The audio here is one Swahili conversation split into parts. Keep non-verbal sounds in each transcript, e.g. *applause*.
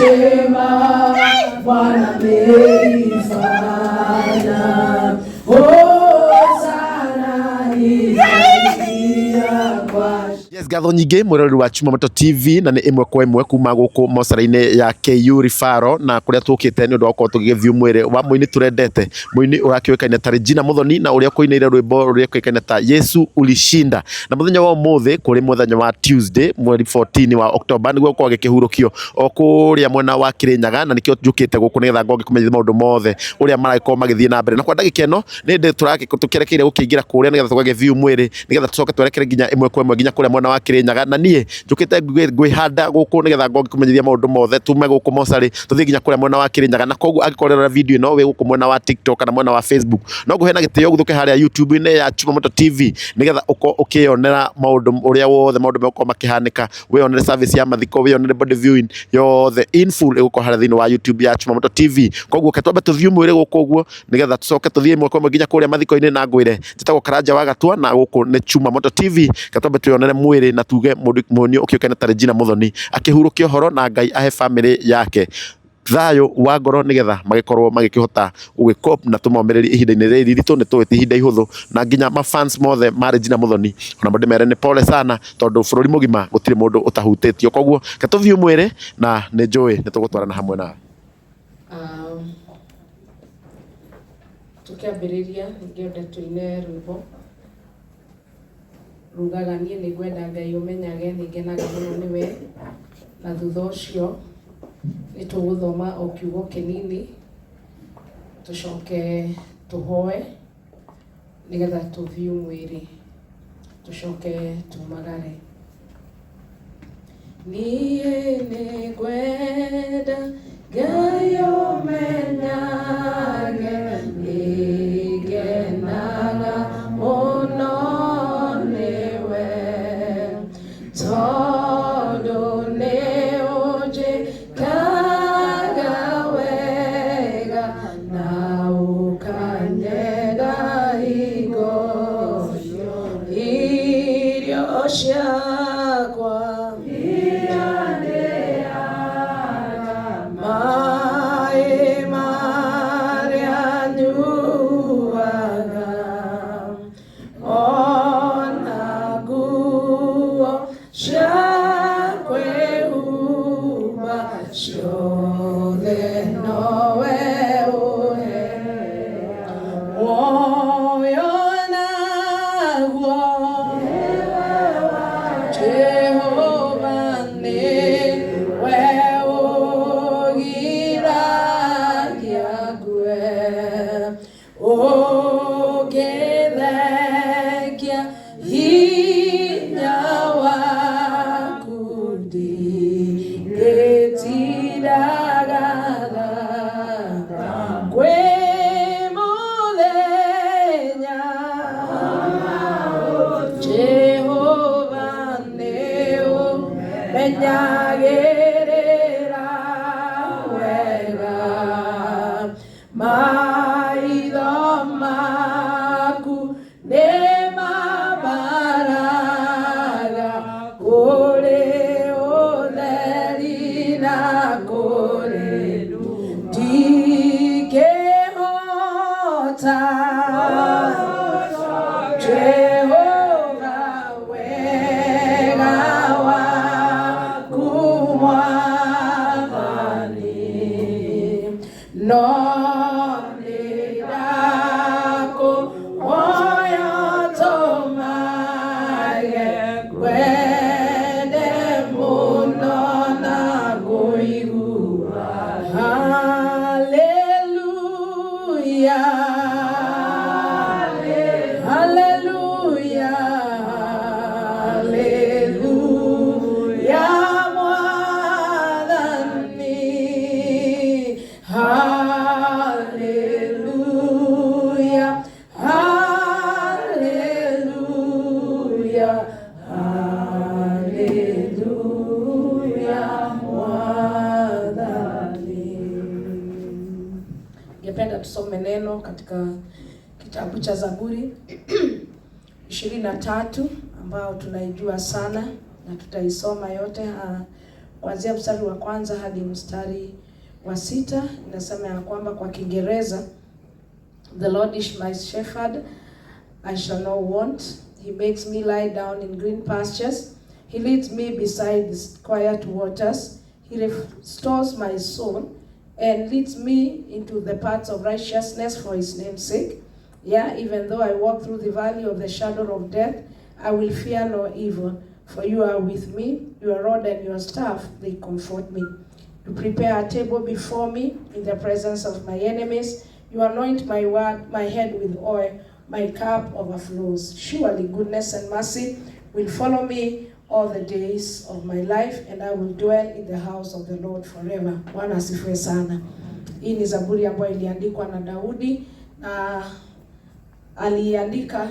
njema Bwana ameifanya. Oh, Yes, gatho nyingä mwäroreri wa Chumamoto TV na nä imwe kwa imwe kuma guku mosara-inä ya KU Rifaro na kå rä a tå wa gũkorwo tå gä wa må ta Regina Muthoni na å rä kå rwimbo rå rä a ta Yesu ulishinda na må wa må thä kå wa Tuesday mweri 14 wa Oktoba nä guo gå kä kio o kå mwena wa kä nyaga na nikio kä o njå kä te gå mothe å rä a na mbere na kwa ndagä ka a thiä twerekere nginya kwa nginya mwena wa Kirinyaga na nie njukite ngwihanda guku nigetha ngoke kumenyithia maundu mothe tume guku mosari tuthie nginya kuria mwena wa Kirinyaga na koguo angikorera video ino wi guku mwena wa TikTok kana mwena wa Facebook no nguhena gitio guthuke haria YouTube ine ya Chuma Moto TV nigetha uko ukionera maundu uria wothe maundu meko makihanika wionere service ya mathiko wionere body viewing yothe in full iguko haria thini wa YouTube ya Chuma Moto TV koguo ketwambe tuthiu mwire guku uguo nigetha tucoke tuthie mwako mwinginya kuria mathiko ine na ngwire njitagwo Karanja wa gatua na guku Chuma Moto TV ketwambe tuionere mwiri na tuge munio ukiuke na tarejina muthoni akihurukia horo na ngai ahe family yake thayo wa ngoro nigetha magikorwo magikihota gugikop na tumomereri ihinda-ini riri riritũ ni tuwĩte ihinda ihũthũ na nginya mafans mothe marĩ jina Muthoni ona mo ndĩmere nĩ pole sana tondũ bũrũri mũgima gũtirĩ mũndũ ũtahutĩtio koguo ketũthiĩ mwĩrĩ na nĩ njũĩ nĩ tũgũtwarana hamwe nawe um, tũkĩambĩrĩria ngĩenda tũine rwĩmbo rugaga niä nä ngwenda Ngai menyage nä ngenaga nä we na thutha tå gå thoma o kiugo kĩnini tũcoke tũhoe nĩgetha tũthiĩ mwĩrĩ tũcoke magare niä nä ngwenda Ngai å nĩ ಪ್ರಜ್ಞಾಗೆ Yeah. tatu ambayo tunaijua sana na tutaisoma yote ah, kuanzia mstari wa kwanza hadi mstari wa sita. Inasema ya kwamba kwa Kiingereza, the Lord is my shepherd I shall not want he makes me lie down in green pastures he leads me beside the quiet waters he restores my soul and leads me into the paths of righteousness for his name's sake Yea, even though I walk through the valley of the shadow of death, I will fear no evil, for you are with me, your rod and your staff, they comfort me. You prepare a table before me in the presence of my enemies. You anoint my word, my head with oil, my cup overflows. Surely goodness and mercy will follow me all the days of my life and I will dwell in the house of the Lord forever. Bwana asifiwe sana. Hii ni Zaburi ambayo iliandikwa na Daudi na aliandika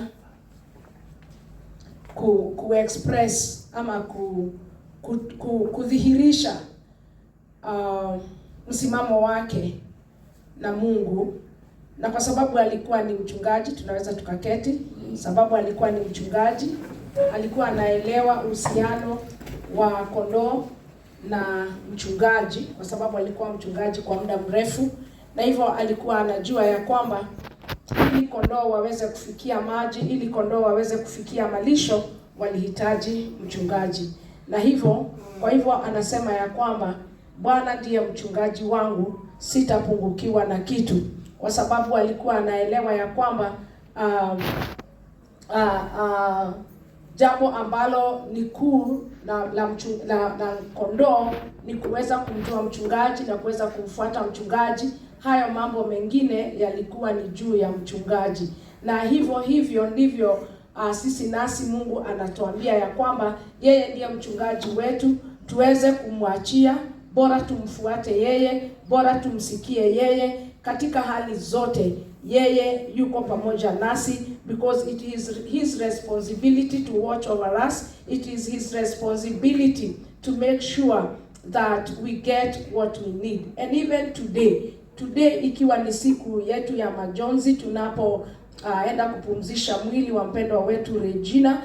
ku, ku express ama ku, ku, ku kudhihirisha uh, msimamo wake na Mungu na kwa sababu alikuwa ni mchungaji, tunaweza tukaketi. Sababu alikuwa ni mchungaji, alikuwa anaelewa uhusiano wa kondoo na mchungaji, kwa sababu alikuwa mchungaji kwa muda mrefu, na hivyo alikuwa anajua ya kwamba ili kondoo waweze kufikia maji, ili kondoo waweze kufikia malisho, walihitaji mchungaji. Na hivyo kwa hivyo anasema ya kwamba Bwana ndiye mchungaji wangu, sitapungukiwa na kitu, kwa sababu alikuwa anaelewa ya kwamba uh, uh, uh, jambo ambalo ni kuu na la, la, la kondoo ni kuweza kumjua mchungaji na kuweza kumfuata mchungaji hayo mambo mengine yalikuwa ni juu ya mchungaji, na hivyo hivyo ndivyo uh, sisi nasi Mungu anatuambia ya kwamba yeye ndiye mchungaji wetu, tuweze kumwachia, bora tumfuate yeye, bora tumsikie yeye katika hali zote. Yeye yuko pamoja nasi because it is his responsibility to watch over us, it is his responsibility to make sure that we get what we need and even today today ikiwa ni siku yetu ya majonzi tunapoenda ah, uh, kupumzisha mwili wa mpendwa wetu Regina,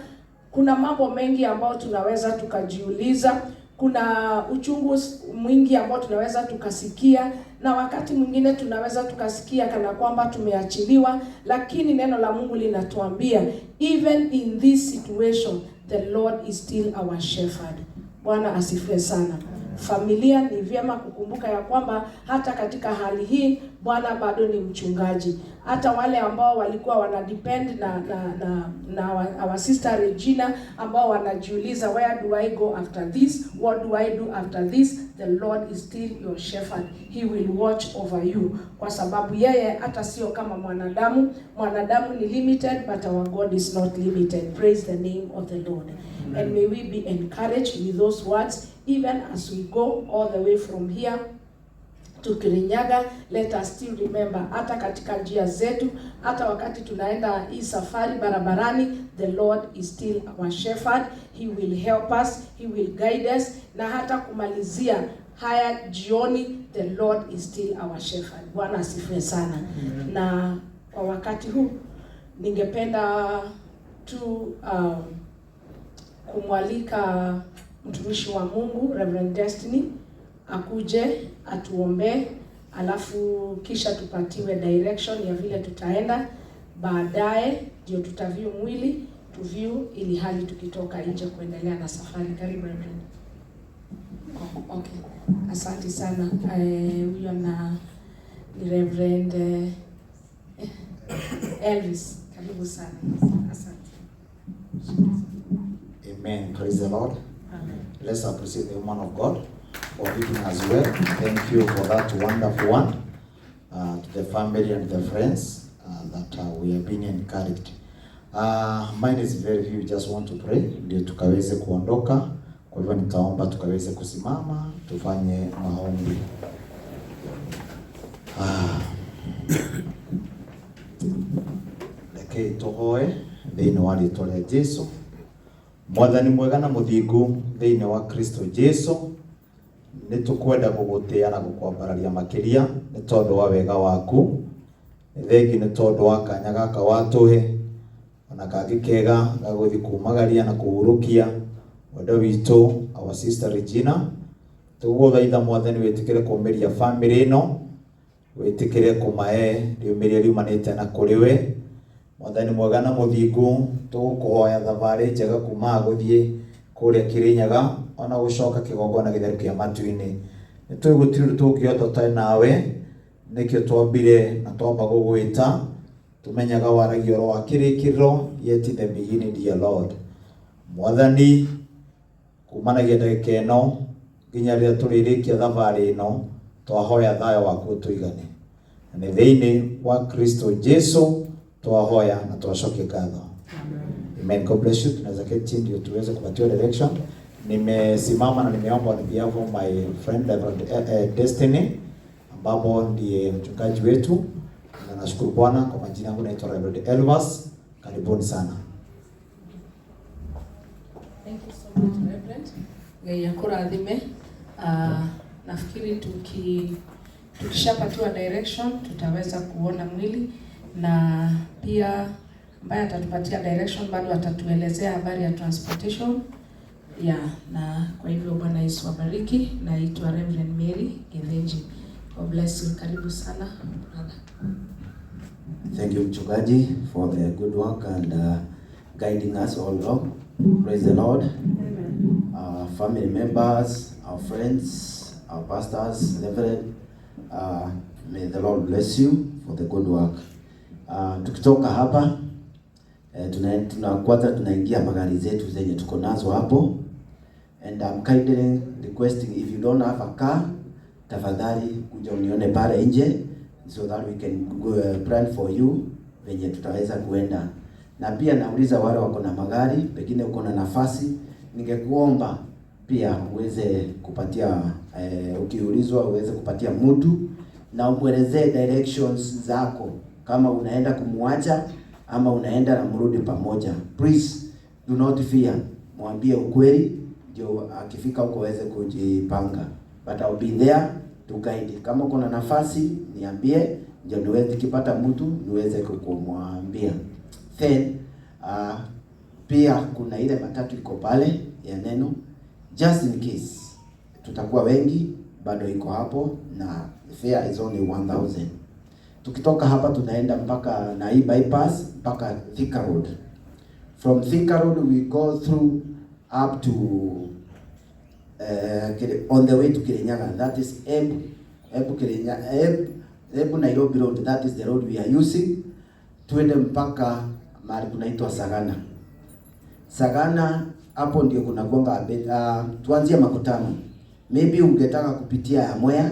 kuna mambo mengi ambayo tunaweza tukajiuliza. Kuna uchungu mwingi ambao tunaweza tukasikia, na wakati mwingine tunaweza tukasikia kana kwamba tumeachiliwa, lakini neno la Mungu linatuambia even in this situation the Lord is still our shepherd. Bwana asifiwe sana familia, ni vyema kukumbuka ya kwamba hata katika hali hii Bwana bado ni mchungaji. Hata wale ambao walikuwa wana depend na na na, na our sister Regina ambao wanajiuliza where do I go after this? What do I do after this? The Lord is still your shepherd. He will watch over you. Kwa sababu yeye hata sio kama mwanadamu. Mwanadamu ni limited but our God is not limited. Praise the name of the Lord. Amen. And may we be encouraged with those words even as we go all the way from here to Kirinyaga, let us still remember, hata katika njia zetu, hata wakati tunaenda hii safari barabarani, the Lord is still our shepherd. He will help us, he will guide us, na hata kumalizia haya jioni, the Lord is still our shepherd. Bwana asifiwe sana. Amen. Na kwa wakati huu ningependa tu um, kumwalika mtumishi wa Mungu Reverend Destiny akuje atuombee, alafu kisha tupatiwe direction ya vile tutaenda. Baadaye ndio tutaviu mwili tuviu, ili hali tukitoka nje kuendelea na safari. Karibu Reverend. okay. Asante sana eh, huyo, na ni Reverend eh, Elvis, karibu sana, asante. Amen. Praise the Lord. Let's appreciate the woman of God for leading us well. Thank you for that wonderful one. Uh, to the family and the friends uh, that uh, we have been encouraged. Uh, mine is very few, just want to pray ndio tukaweze kuondoka. Kwa hivyo nitaomba tukaweze kusimama tufanye maombi. Ah. Reke *coughs* tohoe, thĩinĩ wa rĩĩtwa rĩa Jesũ mwathani mwega na muthingu thiini wa kristo jesu nitukwenda gugutia na gukwambararia makiria ni tondu wa wega waku thengi ni tondu wa kanya gaka watuhe ona kangi kega gaguthi kumagaria na kuhurukia wendo witu our sister Regina tuguthaitha mwathani witikire kumiria family ino witikire kumae riumiria riumanite na kuri we mwathani mwega na muthingu tugukuhoya thabari njega kuma guthii kuria kirinyaga ona gucoka kigongona githaru kia matu-ini ni twigutire undu tungiota utari nawe nikio twambire na twamba gugwita tumenyaga waragia oro wa kirikiriro yet in the beginning dear Lord mwathani kumanagia ndagika ino nginya riria turirikia thabari ino twahoya thayo waku tuigane na ni thiini wa Kristo Jesu toa hoya na tuwashoke kadha. Amen. God bless you. Tunaweza keti chini ndio tuweze kupatiwa direction. Nimesimama na nimeomba on behalf of my friend Reverend eh, eh, Destiny ambapo ndiye mchungaji wetu, na nashukuru Bwana kwa majina yangu naitwa Reverend Elvas. Karibuni sana. Thank you so much Reverend. Ngai adhime. Uh, ah, nafikiri tuki tukishapatiwa direction tutaweza kuona mwili na pia ambaye atatupatia direction bado atatuelezea habari ya transportation ya na kwa hivyo, Bwana Yesu wabariki. Naitwa Reverend Mary Gelenji. God bless you. Karibu sana brother. Thank you mchungaji for the good work and uh, guiding us all along. Praise the Lord. Amen. Our family members, our friends, our pastors, Reverend, uh, may the Lord bless you for the good work. Uh, tukitoka hapa eh, tuna, tuna kwanza tunaingia magari zetu zenye tuko nazo hapo, and I'm kindly requesting if you don't have a car, tafadhali kuja unione pale nje so that we can go, uh, plan for you venye tutaweza kuenda, na pia nauliza wale wako na magari, pengine uko na nafasi, ningekuomba pia uweze kupatia eh, ukiulizwa uweze kupatia mtu na umwelezee directions zako kama unaenda kumwacha ama unaenda na mrudi pamoja. Please do not fear, mwambie ukweli ndio akifika huko aweze kujipanga, but I'll be there to guide. Kama kuna nafasi niambie, ndio niweze kipata mtu niweze kumwambia. Then uh, pia kuna ile matatu iko pale ya neno just in case tutakuwa wengi, bado iko hapo na fare is only 1000. Tukitoka hapa tunaenda mpaka na hii bypass mpaka Thika Road. From Thika Road we go through up to uh, on the way to Kirinyaga. That is Embu, Embu Kirinyaga, Embu, Embu Nairobi Road. That is the road we are using. Tuende mpaka mahali kunaitwa Sagana. Sagana hapo ndio kuna gonga uh, ah, tuanzie makutano. Maybe ungetaka kupitia ya Mwea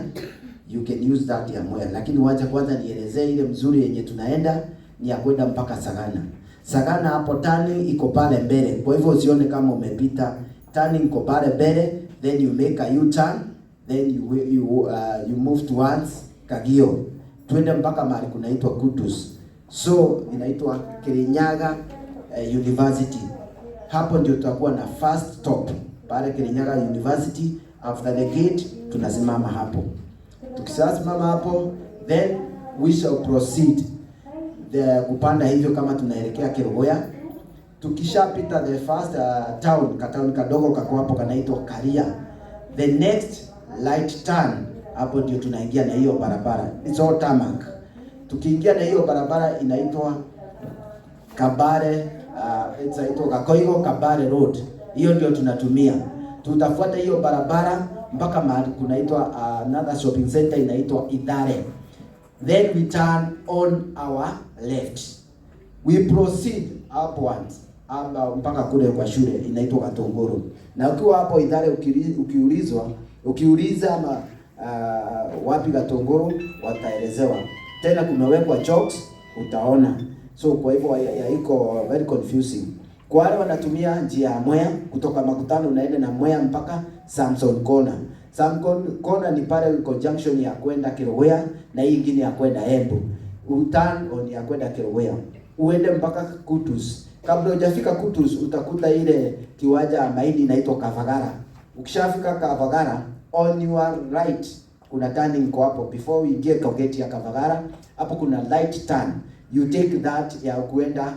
you can use that ya Mwea, lakini wacha kwanza nielezee ile mzuri yenye tunaenda ni ya kwenda mpaka Sagana. Sagana hapo tani iko pale mbele, kwa hivyo usione kama umepita tani, iko pale mbele, then you make a U-turn, then you you, uh, you move towards Kagio, twende mpaka mahali kunaitwa Kutus, so inaitwa Kirinyaga uh, University. Hapo ndio tutakuwa na first stop pale Kirinyaga University, after the gate tunasimama hapo. Tukishasimama hapo, then we shall proceed the kupanda hivyo kama tunaelekea Kerogoya. Tukishapita the first uh, town katown kadogo kako hapo kanaitwa Karia, the next light turn hapo ndio tunaingia na hiyo barabara, it's all tarmac. Tukiingia na hiyo barabara inaitwa Kabare uh, it's inaitwa Kakoigo Kabare Road. Hiyo ndio tunatumia, tutafuata hiyo barabara mpaka mahali kunaitwa uh, another shopping center inaitwa Idare. Then we turn on our left, we proceed upwards amba mpaka kule kwa shule inaitwa Katongoro. Na ukiwa hapo Idare ukiulizwa ukiuliza ama uh, wapi Katongoro, wataelezewa tena, kumewekwa chalks utaona. So kwa hivyo haiko very confusing. Kwa wale wanatumia njia ya Mwea kutoka Makutano unaenda na Mwea mpaka Samson Kona. Samson Kona ni pale uko junction ya kwenda Kilowea na hii ingine ya kwenda Embu. Utan on ya kwenda Kilowea. Uende mpaka Kutus. Kabla hujafika Kutus utakuta ile kiwanja ya maini inaitwa Kavagara. Ukishafika Kavagara on your right kuna turning kwa hapo before we get to gate ya Kavagara hapo kuna light turn. You take that ya kuenda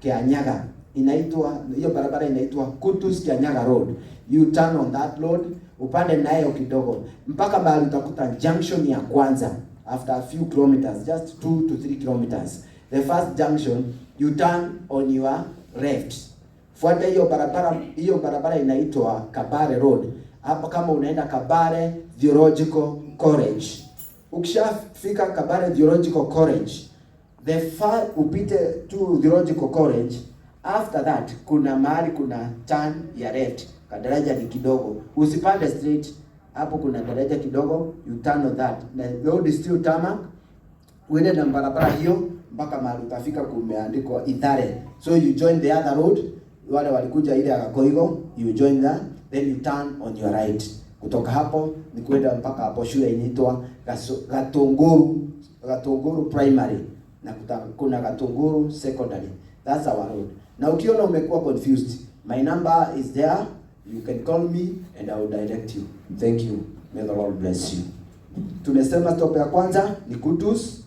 Kianyaga inaitwa hiyo barabara inaitwa Kutus Kianyaga Road. You turn on that road, upande nayo kidogo mpaka mahali utakuta junction ya kwanza after a few kilometers, just 2 to 3 kilometers. The first junction you turn on your left. Fuata hiyo barabara, hiyo barabara inaitwa Kabare Road. Hapo kama unaenda Kabare Theological College. Ukishafika Kabare Theological College, the far upite to Theological College After that kuna mahali kuna turn ya red, kadaraja ni kidogo, usipande straight. Hapo kuna daraja kidogo, you turn on that na road still tarmac, uende na barabara hiyo mpaka mahali utafika kumeandikwa Ithare, so you join the other road. Wale walikuja ile Akakoigo, you join that, then you turn on your right. Kutoka hapo ni kwenda mpaka hapo shule inaitwa Gatunguru, Gatunguru Primary na kuna Gatunguru Secondary. That's our road. Na ukiona umekuwa confused, my number is there, you can call me and I will direct you. Thank you. May the Lord bless you. Tumesema stop ya kwanza ni Kutus.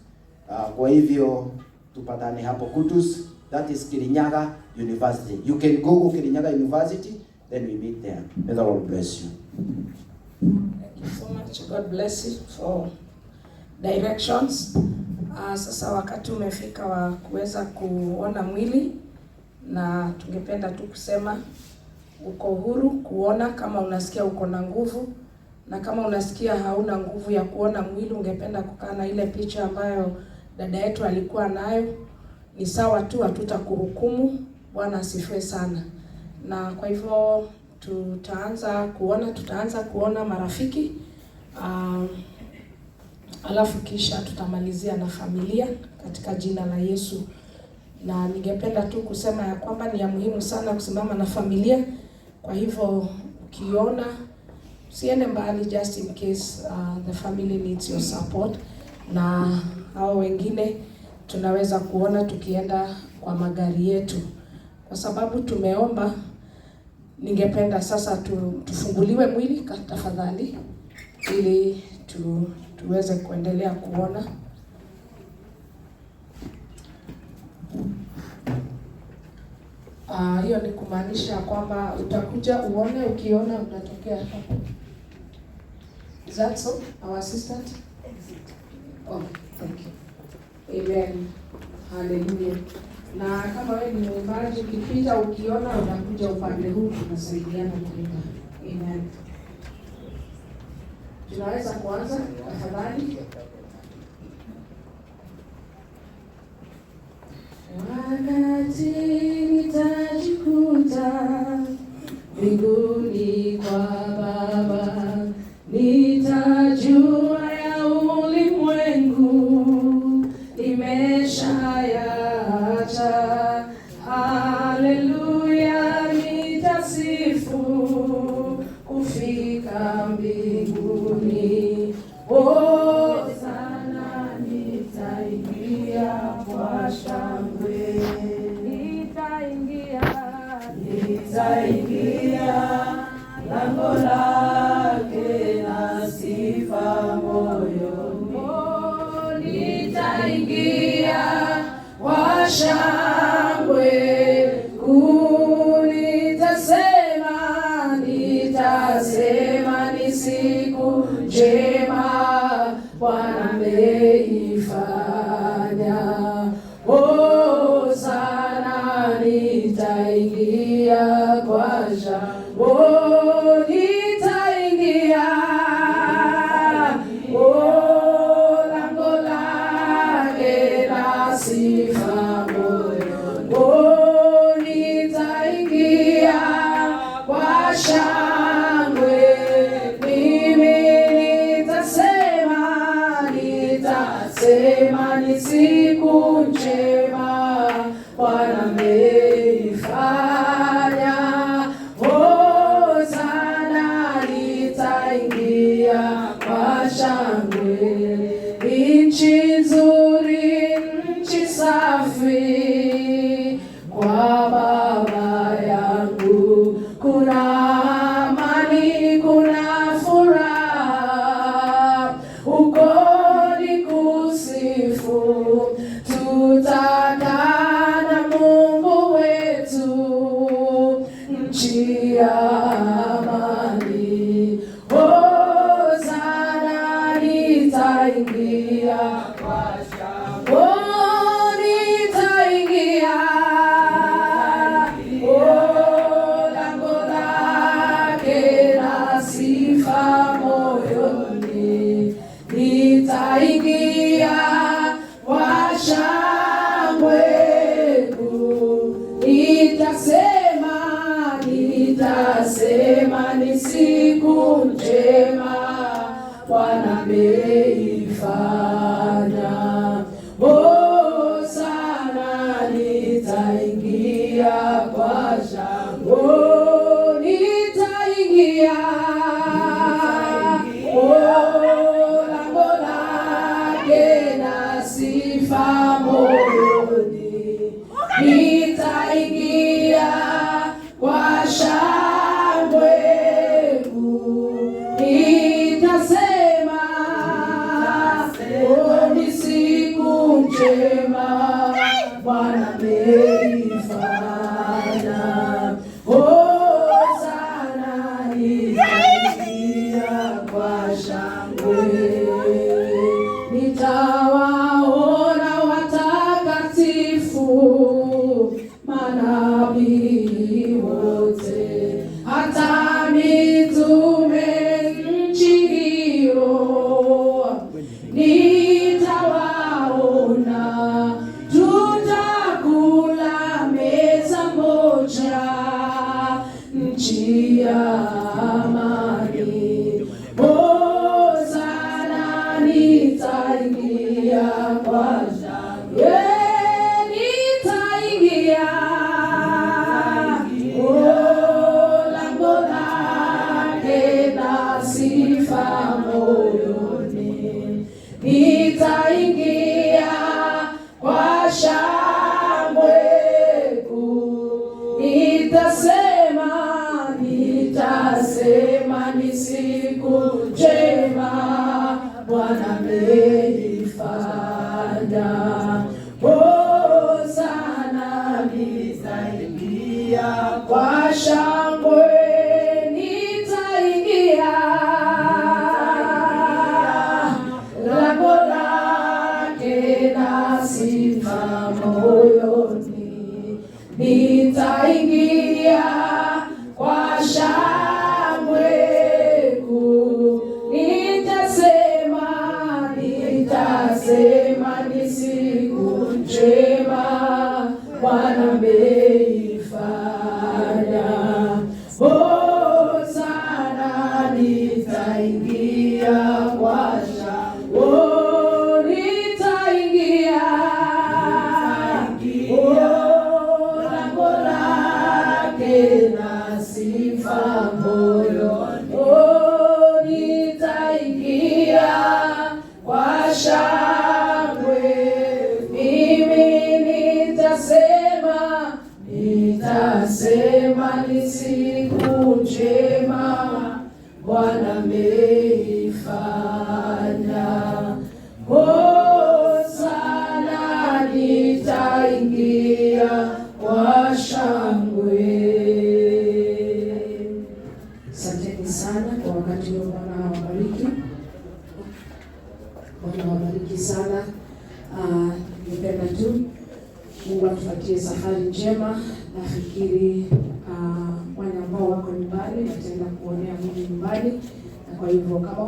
Uh, kwa hivyo tupatane hapo Kutus. That is Kirinyaga University. You can go to Kirinyaga University, then we meet there. May the Lord bless you. Thank you so much. God bless you for directions. Uh, sasa wakati umefika wa kuweza kuona mwili na tungependa tu kusema uko huru kuona kama unasikia uko na nguvu, na kama unasikia hauna nguvu ya kuona mwili, ungependa kukaa na ile picha ambayo dada yetu alikuwa nayo, ni sawa tu, hatutakuhukumu. Bwana asifiwe sana. Na kwa hivyo tutaanza kuona, tutaanza kuona marafiki uh, alafu kisha tutamalizia na familia katika jina la Yesu na ningependa tu kusema ya kwamba ni ya muhimu sana kusimama na familia. Kwa hivyo ukiona usiende mbali, just in case uh, the family needs your support, na hao wengine tunaweza kuona tukienda kwa magari yetu, kwa sababu tumeomba. Ningependa sasa tu, tufunguliwe mwili tafadhali, ili tu, tuweze kuendelea kuona Ah, hiyo ni kumaanisha kwamba utakuja uone, ukiona unatokea hapo. Is that so, our assistant? Oh, thank you. Amen. Hallelujah. Na kama wewe ni mwimbaji, ukipita ukiona unakuja upande huu, tunasaidiana kuimba. Amen. Tunaweza kuanza tafadhali? Wakati nitajikuta mbinguni kwa Baba, nitajua ya ulimwengu nimeshayaacha. Haleluya, nitasifu kufika mbinguni.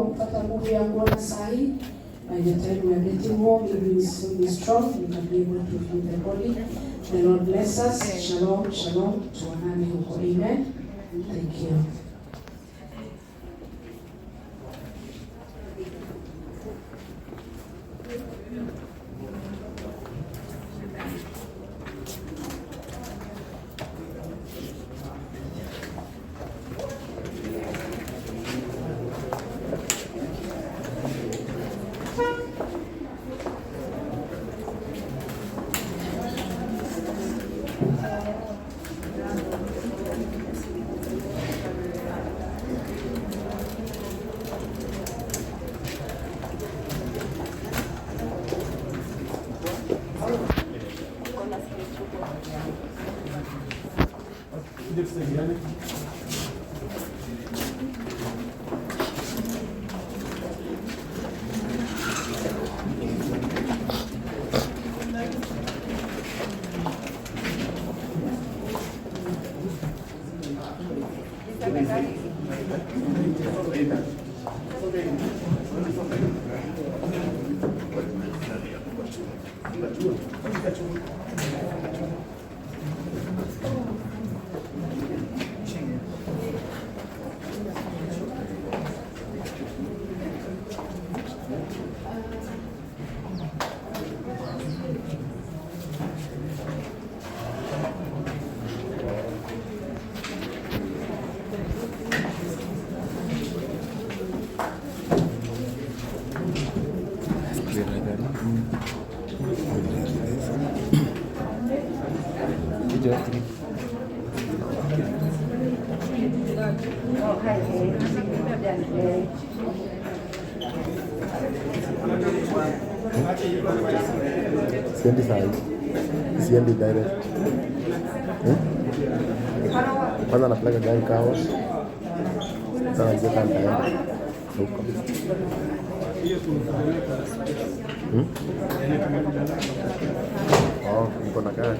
kupata nguvu ya kuona sahi. By the time we are getting home, we will be strong. We can be able to feel the body. The Lord bless us. Shalom, shalom. Tuonane huko. Amen. Thank you. Thank you. Siendi saa hii, siendi direct. Hmm? Kwanza napeleka gari kawa, sasa najua hmm? oh, niko na gari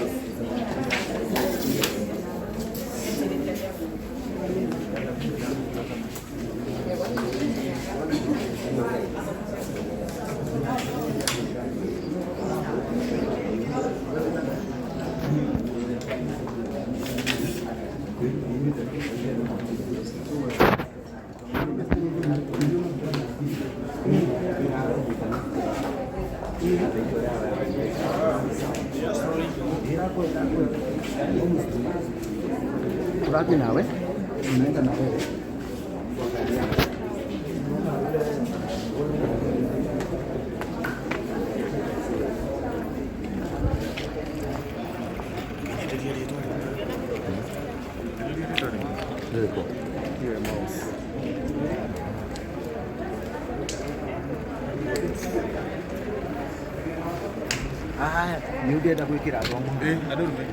Eu udah ada gue kira Eh, ada